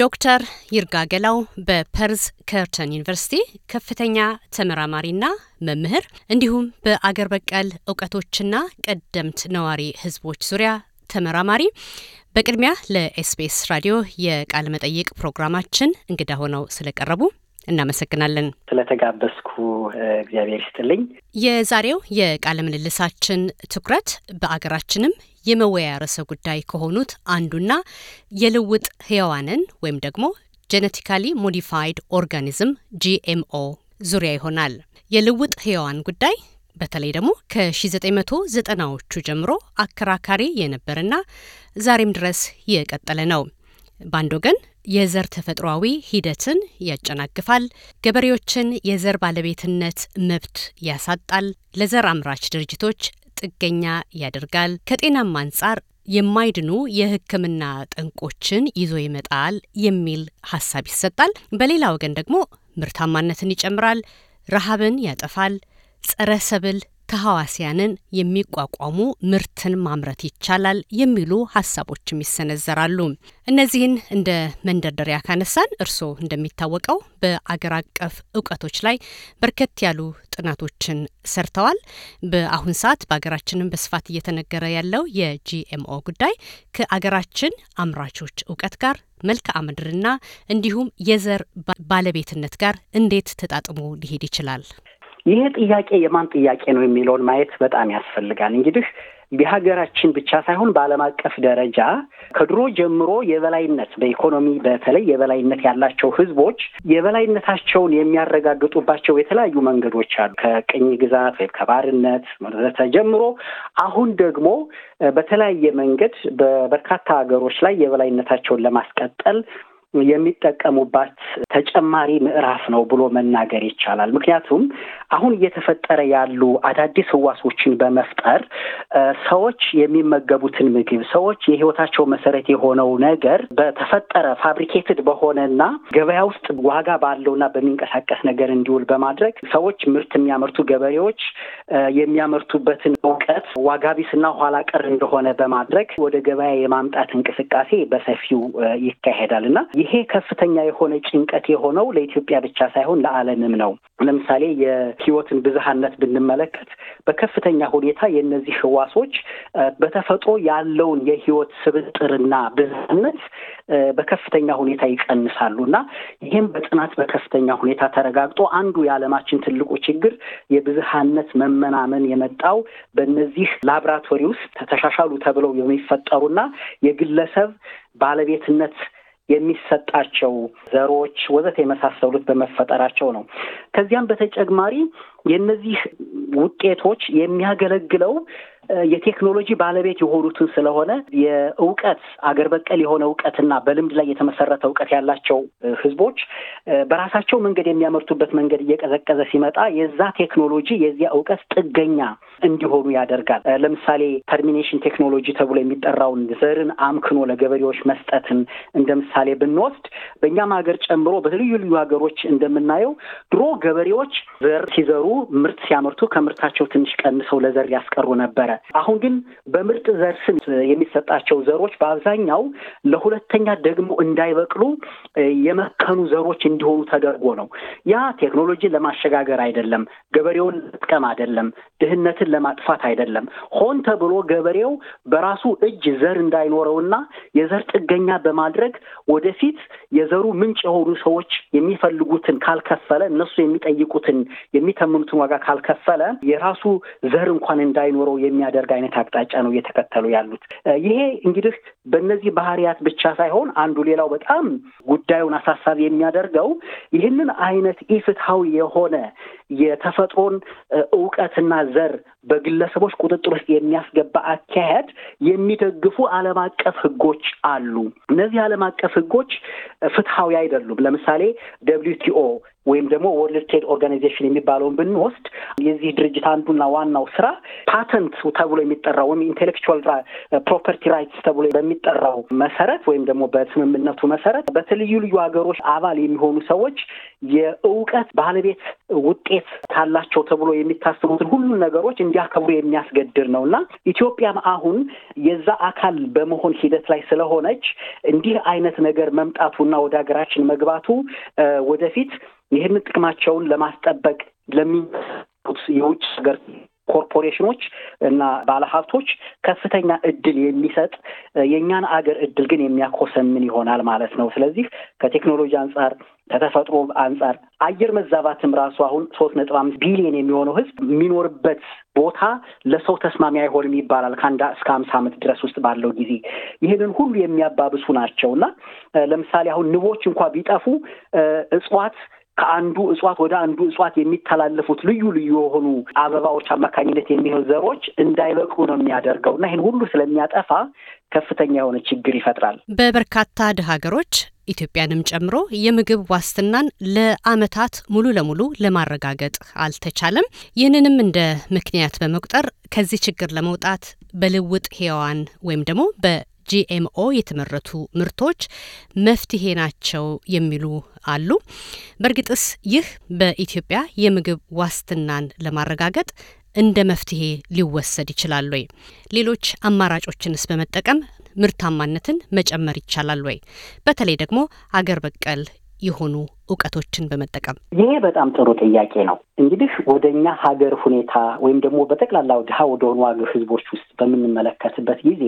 ዶክተር ይርጋገላው በፐርዝ ከርተን ዩኒቨርሲቲ ከፍተኛ ተመራማሪና መምህር እንዲሁም በአገር በቀል እውቀቶችና ቀደምት ነዋሪ ህዝቦች ዙሪያ ተመራማሪ በቅድሚያ ለኤስቢኤስ ራዲዮ የቃለ መጠይቅ ፕሮግራማችን እንግዳ ሆነው ስለቀረቡ እናመሰግናለን። ስለተጋበዝኩ እግዚአብሔር ይስጥልኝ። የዛሬው የቃለ ምልልሳችን ትኩረት በአገራችንም የመወያ ርዕሰ ጉዳይ ከሆኑት አንዱና የልውጥ ህያዋንን ወይም ደግሞ ጄኔቲካሊ ሞዲፋይድ ኦርጋኒዝም ጂኤምኦ ዙሪያ ይሆናል። የልውጥ ህያዋን ጉዳይ በተለይ ደግሞ ከ1990ዎቹ ጀምሮ አከራካሪ የነበረና ዛሬም ድረስ የቀጠለ ነው። በአንድ ወገን የዘር ተፈጥሯዊ ሂደትን ያጨናግፋል፣ ገበሬዎችን የዘር ባለቤትነት መብት ያሳጣል፣ ለዘር አምራች ድርጅቶች ጥገኛ ያደርጋል፣ ከጤናማ አንጻር የማይድኑ የሕክምና ጠንቆችን ይዞ ይመጣል የሚል ሀሳብ ይሰጣል። በሌላ ወገን ደግሞ ምርታማነትን ይጨምራል፣ ረሃብን ያጠፋል ጸረ ሰብል ተሐዋስያንን የሚቋቋሙ ምርትን ማምረት ይቻላል የሚሉ ሀሳቦችም ይሰነዘራሉ። እነዚህን እንደ መንደርደሪያ ካነሳን እርስዎ እንደሚታወቀው በአገር አቀፍ እውቀቶች ላይ በርከት ያሉ ጥናቶችን ሰርተዋል። በአሁን ሰዓት በሀገራችንም በስፋት እየተነገረ ያለው የጂኤምኦ ጉዳይ ከአገራችን አምራቾች እውቀት ጋር መልክዓ ምድርና እንዲሁም የዘር ባለቤትነት ጋር እንዴት ተጣጥሞ ሊሄድ ይችላል? ይሄ ጥያቄ የማን ጥያቄ ነው የሚለውን ማየት በጣም ያስፈልጋል። እንግዲህ የሀገራችን ብቻ ሳይሆን በዓለም አቀፍ ደረጃ ከድሮ ጀምሮ የበላይነት በኢኮኖሚ በተለይ የበላይነት ያላቸው ህዝቦች የበላይነታቸውን የሚያረጋግጡባቸው የተለያዩ መንገዶች አሉ። ከቅኝ ግዛት ወይም ከባርነት መረተ ጀምሮ አሁን ደግሞ በተለያየ መንገድ በበርካታ ሀገሮች ላይ የበላይነታቸውን ለማስቀጠል የሚጠቀሙባት ተጨማሪ ምዕራፍ ነው ብሎ መናገር ይቻላል። ምክንያቱም አሁን እየተፈጠረ ያሉ አዳዲስ ህዋሶችን በመፍጠር ሰዎች የሚመገቡትን ምግብ ሰዎች የህይወታቸው መሰረት የሆነው ነገር በተፈጠረ ፋብሪኬትድ በሆነና ገበያ ውስጥ ዋጋ ባለውና በሚንቀሳቀስ ነገር እንዲውል በማድረግ ሰዎች ምርት የሚያመርቱ ገበሬዎች የሚያመርቱበትን እውቀት ዋጋ ቢስና ኋላ ቀር እንደሆነ በማድረግ ወደ ገበያ የማምጣት እንቅስቃሴ በሰፊው ይካሄዳል እና ይሄ ከፍተኛ የሆነ ጭንቀት የሆነው ለኢትዮጵያ ብቻ ሳይሆን ለዓለምም ነው። ለምሳሌ የህይወትን ብዝሃነት ብንመለከት በከፍተኛ ሁኔታ የእነዚህ ህዋሶች በተፈጥሮ ያለውን የህይወት ስብጥርና ብዝሃነት በከፍተኛ ሁኔታ ይቀንሳሉ እና ይህም በጥናት በከፍተኛ ሁኔታ ተረጋግጦ አንዱ የዓለማችን ትልቁ ችግር የብዝሃነት መመናመን የመጣው በእነዚህ ላብራቶሪ ውስጥ ተሻሻሉ ተብለው የሚፈጠሩና የግለሰብ ባለቤትነት የሚሰጣቸው ዘሮች ወዘተ የመሳሰሉት በመፈጠራቸው ነው። ከዚያም በተጨማሪ የእነዚህ ውጤቶች የሚያገለግለው የቴክኖሎጂ ባለቤት የሆኑትን ስለሆነ የእውቀት አገር በቀል የሆነ እውቀትና በልምድ ላይ የተመሰረተ እውቀት ያላቸው ህዝቦች በራሳቸው መንገድ የሚያመርቱበት መንገድ እየቀዘቀዘ ሲመጣ የዛ ቴክኖሎጂ የዚያ እውቀት ጥገኛ እንዲሆኑ ያደርጋል። ለምሳሌ ተርሚኔሽን ቴክኖሎጂ ተብሎ የሚጠራውን ዘርን አምክኖ ለገበሬዎች መስጠትን እንደ ምሳሌ ብንወስድ በእኛም ሀገር ጨምሮ በልዩ ልዩ ሀገሮች እንደምናየው ድሮ ገበሬዎች ዘር ሲዘሩ ምርት ሲያመርቱ ከምርታቸው ትንሽ ቀንሰው ለዘር ያስቀሩ ነበረ። አሁን ግን በምርጥ ዘር ስም የሚሰጣቸው ዘሮች በአብዛኛው ለሁለተኛ ደግሞ እንዳይበቅሉ የመከኑ ዘሮች እንዲሆኑ ተደርጎ ነው። ያ ቴክኖሎጂን ለማሸጋገር አይደለም፣ ገበሬውን ለመጥቀም አይደለም፣ ድህነትን ለማጥፋት አይደለም። ሆን ተብሎ ገበሬው በራሱ እጅ ዘር እንዳይኖረውና የዘር ጥገኛ በማድረግ ወደፊት የዘሩ ምንጭ የሆኑ ሰዎች የሚፈልጉትን ካልከፈለ እነሱ የሚጠይቁትን የሚተምኑትን ዋጋ ካልከፈለ የራሱ ዘር እንኳን እንዳይኖረው የሚያ የሚያደርግ አይነት አቅጣጫ ነው እየተከተሉ ያሉት። ይሄ እንግዲህ በእነዚህ ባህሪያት ብቻ ሳይሆን አንዱ ሌላው በጣም ጉዳዩን አሳሳቢ የሚያደርገው ይህንን አይነት ኢፍትሐዊ የሆነ የተፈጥሮን እውቀትና ዘር በግለሰቦች ቁጥጥር ውስጥ የሚያስገባ አካሄድ የሚደግፉ ዓለም አቀፍ ህጎች አሉ። እነዚህ ዓለም አቀፍ ህጎች ፍትሐዊ አይደሉም። ለምሳሌ ደብሊው ወይም ደግሞ ወርልድ ትሬድ ኦርጋናይዜሽን የሚባለውን ብንወስድ የዚህ ድርጅት አንዱና ዋናው ስራ ፓተንት ተብሎ የሚጠራው ወይም ኢንቴሌክቹዋል ፕሮፐርቲ ራይትስ ተብሎ በሚጠራው መሰረት ወይም ደግሞ በስምምነቱ መሰረት በተለዩ ልዩ ሀገሮች አባል የሚሆኑ ሰዎች የእውቀት ባለቤት ውጤት ካላቸው ተብሎ የሚታስቡትን ሁሉን ነገሮች እንዲያከብሩ የሚያስገድር ነው እና ኢትዮጵያም አሁን የዛ አካል በመሆን ሂደት ላይ ስለሆነች እንዲህ አይነት ነገር እና ወደ ሀገራችን መግባቱ ወደፊት ይህንን ጥቅማቸውን ለማስጠበቅ ለሚመጡት የውጭ ሀገር ኮርፖሬሽኖች እና ባለሀብቶች ከፍተኛ እድል የሚሰጥ የእኛን አገር እድል ግን የሚያኮሰምን ይሆናል ማለት ነው። ስለዚህ ከቴክኖሎጂ አንጻር ከተፈጥሮ አንጻር አየር መዛባትም ራሱ አሁን ሶስት ነጥብ አምስት ቢሊዮን የሚሆነው ህዝብ የሚኖርበት ቦታ ለሰው ተስማሚ አይሆንም ይባላል ከአንድ እስከ አምሳ ዓመት ድረስ ውስጥ ባለው ጊዜ ይህንን ሁሉ የሚያባብሱ ናቸው እና ለምሳሌ አሁን ንቦች እንኳ ቢጠፉ እጽዋት ከአንዱ እጽዋት ወደ አንዱ እጽዋት የሚተላለፉት ልዩ ልዩ የሆኑ አበባዎች አማካኝነት የሚሆን ዘሮች እንዳይበቅሉ ነው የሚያደርገው እና ይህን ሁሉ ስለሚያጠፋ ከፍተኛ የሆነ ችግር ይፈጥራል። በበርካታ ድሃ ሀገሮች ኢትዮጵያንም ጨምሮ የምግብ ዋስትናን ለአመታት ሙሉ ለሙሉ ለማረጋገጥ አልተቻለም። ይህንንም እንደ ምክንያት በመቁጠር ከዚህ ችግር ለመውጣት በልውጥ ሕያዋን ወይም ደግሞ በ ጂኤምኦ የተመረቱ ምርቶች መፍትሄ ናቸው የሚሉ አሉ። በእርግጥስ ይህ በኢትዮጵያ የምግብ ዋስትናን ለማረጋገጥ እንደ መፍትሄ ሊወሰድ ይችላል ወይ? ሌሎች አማራጮችንስ በመጠቀም ምርታማነትን መጨመር ይቻላል ወይ? በተለይ ደግሞ አገር በቀል የሆኑ እውቀቶችን በመጠቀም ይሄ በጣም ጥሩ ጥያቄ ነው። እንግዲህ ወደ እኛ ሀገር ሁኔታ ወይም ደግሞ በጠቅላላ ድሀ ወደሆኑ ሀገር ህዝቦች ውስጥ በምንመለከትበት ጊዜ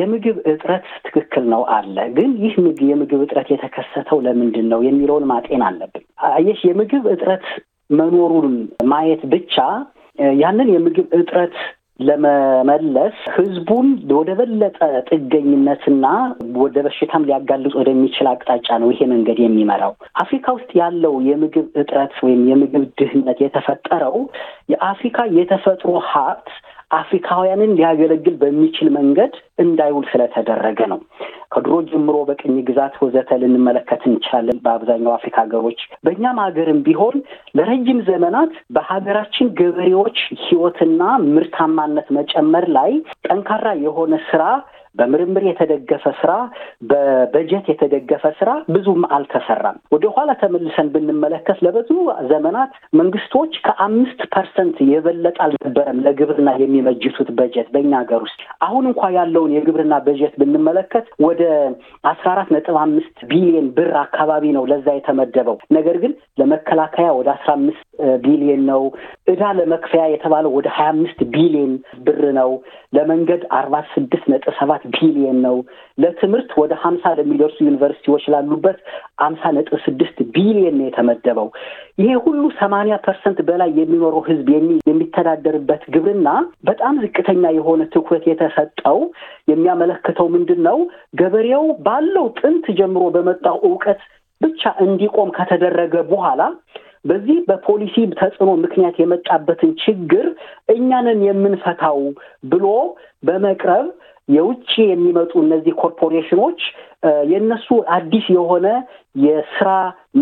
የምግብ እጥረት ትክክል ነው አለ። ግን ይህ የምግብ እጥረት የተከሰተው ለምንድን ነው የሚለውን ማጤን አለብን። አየሽ የምግብ እጥረት መኖሩን ማየት ብቻ ያንን የምግብ እጥረት ለመመለስ ህዝቡን ወደ በለጠ ጥገኝነትና ወደ በሽታም ሊያጋልጥ ወደሚችል አቅጣጫ ነው ይሄ መንገድ የሚመራው። አፍሪካ ውስጥ ያለው የምግብ እጥረት ወይም የምግብ ድህነት የተፈጠረው የአፍሪካ የተፈጥሮ ሀብት አፍሪካውያንን ሊያገለግል በሚችል መንገድ እንዳይውል ስለተደረገ ነው። ከድሮ ጀምሮ በቅኝ ግዛት ወዘተ ልንመለከት እንችላለን። በአብዛኛው አፍሪካ ሀገሮች፣ በእኛም ሀገርም ቢሆን ለረጅም ዘመናት በሀገራችን ገበሬዎች ሕይወትና ምርታማነት መጨመር ላይ ጠንካራ የሆነ ስራ በምርምር የተደገፈ ስራ፣ በበጀት የተደገፈ ስራ ብዙም አልተሰራም። ወደኋላ ተመልሰን ብንመለከት ለብዙ ዘመናት መንግስቶች ከአምስት ፐርሰንት የበለጠ አልነበረም ለግብርና የሚመጅቱት በጀት በእኛ ሀገር ውስጥ። አሁን እንኳ ያለውን የግብርና በጀት ብንመለከት ወደ አስራ አራት ነጥብ አምስት ቢሊዮን ብር አካባቢ ነው ለዛ የተመደበው። ነገር ግን ለመከላከያ ወደ አስራ አምስት ቢሊየን ነው። እዳ ለመክፈያ የተባለው ወደ ሀያ አምስት ቢሊየን ብር ነው። ለመንገድ አርባ ስድስት ነጥብ ሰባት ቢሊየን ነው። ለትምህርት ወደ ሀምሳ ለሚደርሱ ዩኒቨርሲቲዎች ላሉበት አምሳ ነጥብ ስድስት ቢሊየን ነው የተመደበው። ይሄ ሁሉ ሰማንያ ፐርሰንት በላይ የሚኖረው ህዝብ የሚተዳደርበት ግብርና በጣም ዝቅተኛ የሆነ ትኩረት የተሰጠው የሚያመለክተው ምንድን ነው? ገበሬው ባለው ጥንት ጀምሮ በመጣው እውቀት ብቻ እንዲቆም ከተደረገ በኋላ በዚህ በፖሊሲ ተጽዕኖ ምክንያት የመጣበትን ችግር እኛንን የምንፈታው ብሎ በመቅረብ የውጭ የሚመጡ እነዚህ ኮርፖሬሽኖች የነሱ አዲስ የሆነ የስራ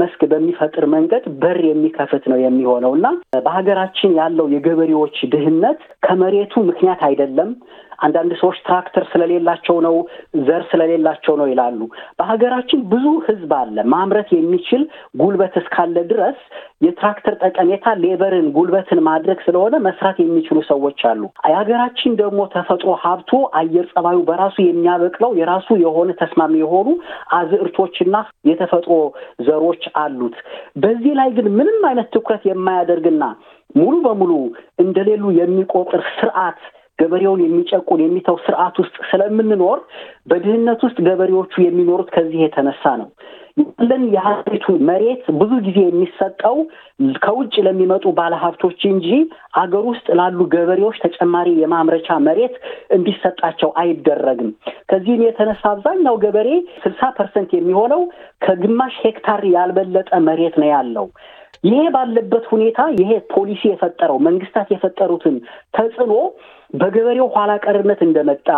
መስክ በሚፈጥር መንገድ በር የሚከፍት ነው የሚሆነው እና በሀገራችን ያለው የገበሬዎች ድህነት ከመሬቱ ምክንያት አይደለም። አንዳንድ ሰዎች ትራክተር ስለሌላቸው ነው፣ ዘር ስለሌላቸው ነው ይላሉ። በሀገራችን ብዙ ህዝብ አለ። ማምረት የሚችል ጉልበት እስካለ ድረስ የትራክተር ጠቀሜታ ሌበርን፣ ጉልበትን ማድረግ ስለሆነ መስራት የሚችሉ ሰዎች አሉ። የሀገራችን ደግሞ ተፈጥሮ ሀብቱ አየር ጸባዩ በራሱ የሚያበቅለው የራሱ የሆነ ተስማሚ የሆኑ አዝእርቶችና የተፈ የተፈጥሮ ዘሮች አሉት። በዚህ ላይ ግን ምንም አይነት ትኩረት የማያደርግና ሙሉ በሙሉ እንደሌሉ የሚቆጥር ስርዓት ገበሬውን የሚጨቁን የሚተው ስርዓት ውስጥ ስለምንኖር በድህነት ውስጥ ገበሬዎቹ የሚኖሩት ከዚህ የተነሳ ነው። ያለን የሀገሪቱ መሬት ብዙ ጊዜ የሚሰጠው ከውጭ ለሚመጡ ባለሀብቶች እንጂ አገር ውስጥ ላሉ ገበሬዎች ተጨማሪ የማምረቻ መሬት እንዲሰጣቸው አይደረግም። ከዚህም የተነሳ አብዛኛው ገበሬ ስልሳ ፐርሰንት የሚሆነው ከግማሽ ሄክታር ያልበለጠ መሬት ነው ያለው። ይሄ ባለበት ሁኔታ ይሄ ፖሊሲ የፈጠረው መንግስታት የፈጠሩትን ተጽዕኖ በገበሬው ኋላ ቀርነት እንደመጣ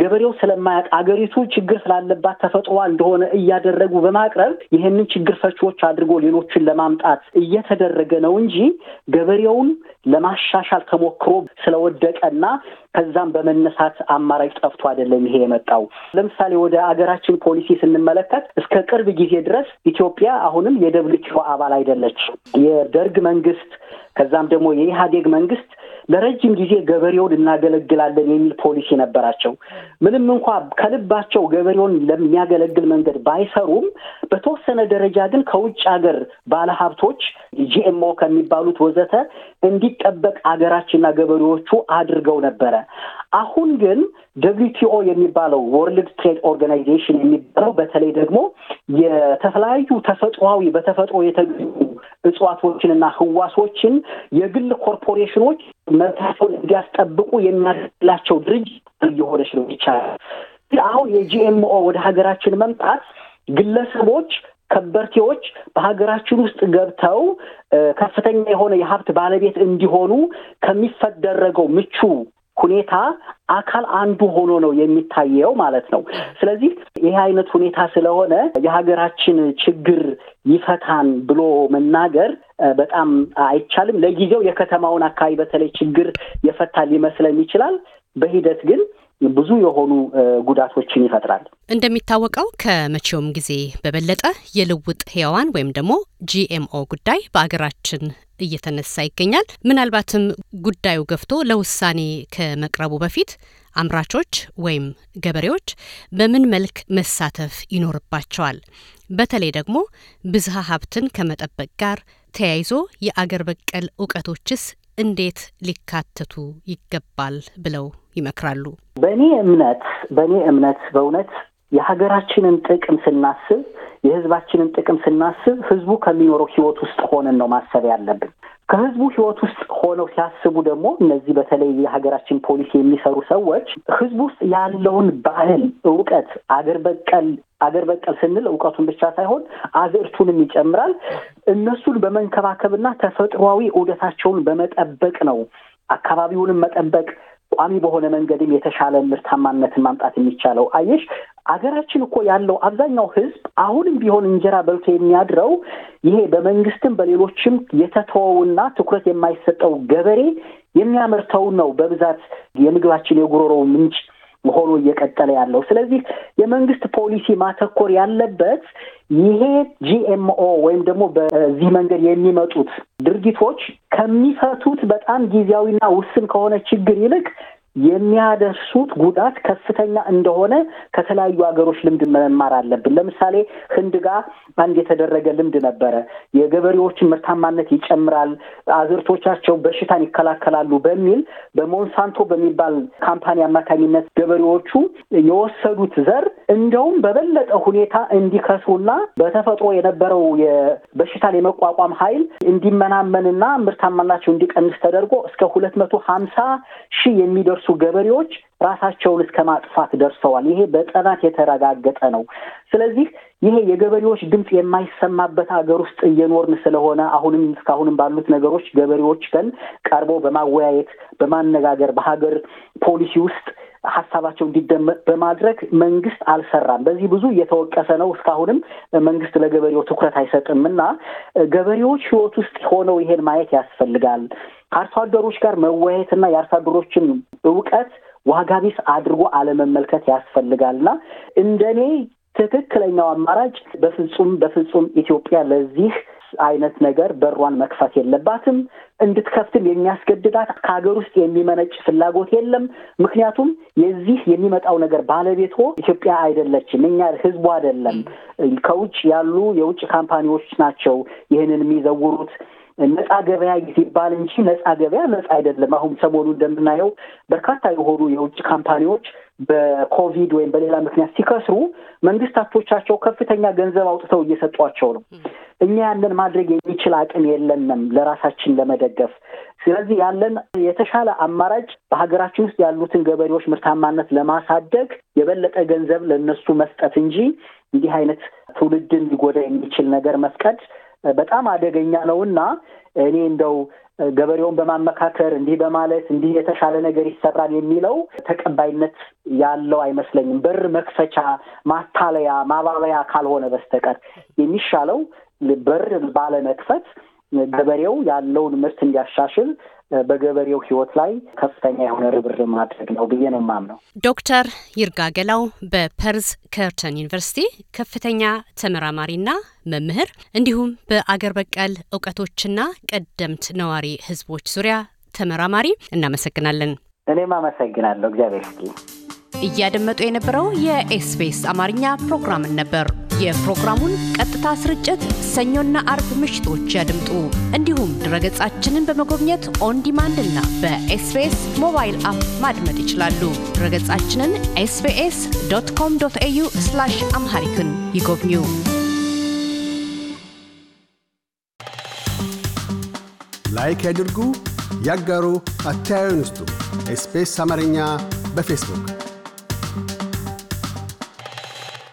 ገበሬው ስለማያውቅ አገሪቱ ችግር ስላለባት ተፈጥሯ እንደሆነ እያደረጉ በማቅረብ ይህንን ችግር ፈቺዎች አድርጎ ሌሎችን ለማምጣት እየተደረገ ነው እንጂ ገበሬውን ለማሻሻል ተሞክሮ ስለወደቀና ከዛም በመነሳት አማራጭ ጠፍቶ አይደለም ይሄ የመጣው። ለምሳሌ ወደ አገራችን ፖሊሲ ስንመለከት እስከ ቅርብ ጊዜ ድረስ ኢትዮጵያ አሁንም የደብሊው አባል አይደለች። የደርግ መንግስት ከዛም ደግሞ የኢህአዴግ መንግስት ለረጅም ጊዜ ገበሬውን እናገለግላለን የሚል ፖሊሲ ነበራቸው። ምንም እንኳ ከልባቸው ገበሬውን ለሚያገለግል መንገድ ባይሰሩም በተወሰነ ደረጃ ግን ከውጭ ሀገር ባለሀብቶች ጂኤምኦ ከሚባሉት ወዘተ እንዲጠበቅ አገራችንና ገበሬዎቹ አድርገው ነበረ። አሁን ግን ደብሊቲኦ የሚባለው ወርልድ ትሬድ ኦርጋናይዜሽን የሚባለው በተለይ ደግሞ የተለያዩ ተፈጥሯዊ በተፈጥሮ የተገኙ እጽዋቶችንና ህዋሶችን የግል ኮርፖሬሽኖች መብታቸውን እንዲያስጠብቁ የሚያደላቸው ድርጅት እየሆነች ነው። ይቻላል አሁን የጂኤምኦ ወደ ሀገራችን መምጣት ግለሰቦች ከበርቴዎች በሀገራችን ውስጥ ገብተው ከፍተኛ የሆነ የሀብት ባለቤት እንዲሆኑ ከሚፈደረገው ምቹ ሁኔታ አካል አንዱ ሆኖ ነው የሚታየው ማለት ነው። ስለዚህ ይህ አይነት ሁኔታ ስለሆነ የሀገራችን ችግር ይፈታን ብሎ መናገር በጣም አይቻልም። ለጊዜው የከተማውን አካባቢ በተለይ ችግር የፈታ ሊመስለን ይችላል። በሂደት ግን ብዙ የሆኑ ጉዳቶችን ይፈጥራል። እንደሚታወቀው ከመቼውም ጊዜ በበለጠ የልውጥ ህያዋን ወይም ደግሞ ጂኤምኦ ጉዳይ በአገራችን እየተነሳ ይገኛል። ምናልባትም ጉዳዩ ገፍቶ ለውሳኔ ከመቅረቡ በፊት አምራቾች ወይም ገበሬዎች በምን መልክ መሳተፍ ይኖርባቸዋል? በተለይ ደግሞ ብዝሃ ሀብትን ከመጠበቅ ጋር ተያይዞ የአገር በቀል እውቀቶችስ እንዴት ሊካተቱ ይገባል ብለው ይመክራሉ። በእኔ እምነት በእኔ እምነት በእውነት የሀገራችንን ጥቅም ስናስብ የህዝባችንን ጥቅም ስናስብ ህዝቡ ከሚኖረው ህይወት ውስጥ ሆነን ነው ማሰብ ያለብን። ከህዝቡ ህይወት ውስጥ ሆነው ሲያስቡ ደግሞ እነዚህ በተለይ የሀገራችን ፖሊሲ የሚሰሩ ሰዎች ህዝቡ ውስጥ ያለውን ባህል፣ እውቀት አገር በቀል አገር በቀል ስንል እውቀቱን ብቻ ሳይሆን አዝዕርቱንም ይጨምራል። እነሱን በመንከባከብና ተፈጥሯዊ ዑደታቸውን በመጠበቅ ነው አካባቢውንም መጠበቅ ቋሚ በሆነ መንገድም የተሻለ ምርታማነትን ማምጣት የሚቻለው። አየሽ አገራችን እኮ ያለው አብዛኛው ሕዝብ አሁንም ቢሆን እንጀራ በልቶ የሚያድረው ይሄ በመንግስትም በሌሎችም የተተወውና ትኩረት የማይሰጠው ገበሬ የሚያመርተው ነው በብዛት የምግባችን የጉሮሮው ምንጭ ሆኖ እየቀጠለ ያለው። ስለዚህ የመንግስት ፖሊሲ ማተኮር ያለበት ይሄ ጂኤምኦ ወይም ደግሞ በዚህ መንገድ የሚመጡት ድርጊቶች ከሚፈቱት በጣም ጊዜያዊና ውስን ከሆነ ችግር ይልቅ የሚያደርሱት ጉዳት ከፍተኛ እንደሆነ ከተለያዩ ሀገሮች ልምድ መማር አለብን። ለምሳሌ ህንድ ጋር አንድ የተደረገ ልምድ ነበረ። የገበሬዎችን ምርታማነት ይጨምራል፣ አዝርቶቻቸው በሽታን ይከላከላሉ በሚል በሞንሳንቶ በሚባል ካምፓኒ አማካኝነት ገበሬዎቹ የወሰዱት ዘር እንደውም በበለጠ ሁኔታ እንዲከሱና በተፈጥሮ የነበረው በሽታን የመቋቋም ኃይል እንዲመናመንና ምርታማናቸው እንዲቀንስ ተደርጎ እስከ ሁለት መቶ ሀምሳ ሺህ የሚደርሱ እነሱ ገበሬዎች ራሳቸውን እስከ ማጥፋት ደርሰዋል። ይሄ በጥናት የተረጋገጠ ነው። ስለዚህ ይሄ የገበሬዎች ድምፅ የማይሰማበት ሀገር ውስጥ እየኖርን ስለሆነ አሁንም እስካሁንም ባሉት ነገሮች ገበሬዎች ቀን ቀርቦ በማወያየት በማነጋገር በሀገር ፖሊሲ ውስጥ ሀሳባቸው እንዲደመጥ በማድረግ መንግስት አልሰራም። በዚህ ብዙ እየተወቀሰ ነው። እስካሁንም መንግስት ለገበሬው ትኩረት አይሰጥም እና ገበሬዎች ህይወት ውስጥ ሆነው ይሄን ማየት ያስፈልጋል። ከአርሶ አደሮች ጋር መወያየትና የአርሶ አደሮችን እውቀት ዋጋ አድርጎ አለመመልከት ያስፈልጋልና እንደኔ ትክክለኛው አማራጭ በፍጹም በፍጹም ኢትዮጵያ ለዚህ አይነት ነገር በሯን መክፈት የለባትም። እንድትከፍትም የሚያስገድዳት ከሀገር ውስጥ የሚመነጭ ፍላጎት የለም። ምክንያቱም የዚህ የሚመጣው ነገር ባለቤት ኢትዮጵያ አይደለችም፣ እኛ ህዝቡ አይደለም። ከውጭ ያሉ የውጭ ካምፓኒዎች ናቸው ይህንን የሚዘውሩት ነጻ ገበያ ሲባል እንጂ ነጻ ገበያ ነጻ አይደለም። አሁን ሰሞኑ እንደምናየው በርካታ የሆኑ የውጭ ካምፓኒዎች በኮቪድ ወይም በሌላ ምክንያት ሲከስሩ መንግስታቶቻቸው ከፍተኛ ገንዘብ አውጥተው እየሰጧቸው ነው። እኛ ያንን ማድረግ የሚችል አቅም የለንም ለራሳችን ለመደገፍ። ስለዚህ ያለን የተሻለ አማራጭ በሀገራችን ውስጥ ያሉትን ገበሬዎች ምርታማነት ለማሳደግ የበለጠ ገንዘብ ለእነሱ መስጠት እንጂ እንዲህ አይነት ትውልድን ሊጎዳ የሚችል ነገር መፍቀድ በጣም አደገኛ ነው እና እኔ እንደው ገበሬውን በማመካከር እንዲህ በማለት እንዲህ የተሻለ ነገር ይሰራል የሚለው ተቀባይነት ያለው አይመስለኝም። በር መክፈቻ፣ ማታለያ፣ ማባበያ ካልሆነ በስተቀር የሚሻለው በር ባለመክፈት ገበሬው ያለውን ምርት እንዲያሻሽል በገበሬው ህይወት ላይ ከፍተኛ የሆነ ርብር ማድረግ ነው ብዬ ነው የማምነው። ዶክተር ይርጋገላው በፐርዝ ከርተን ዩኒቨርሲቲ ከፍተኛ ተመራማሪና መምህር እንዲሁም በአገር በቀል እውቀቶችና ቀደምት ነዋሪ ህዝቦች ዙሪያ ተመራማሪ፣ እናመሰግናለን። እኔም አመሰግናለሁ። እግዚአብሔር ይስጥልኝ። እያደመጡ የነበረው የኤስቢኤስ አማርኛ ፕሮግራምን ነበር። የፕሮግራሙን ቀጥታ ስርጭት ሰኞና አርብ ምሽቶች ያድምጡ። እንዲሁም ድረገጻችንን በመጎብኘት ኦን ዲማንድ እና በኤስቤስ ሞባይል አፕ ማድመጥ ይችላሉ። ድረገጻችንን ኤስቤስ ዶት ኮም ዶት ኤዩ አምሃሪክን ይጎብኙ። ላይክ ያድርጉ፣ ያጋሩ፣ አስተያየትን ይስጡ። አማርኛ በፌስቡክ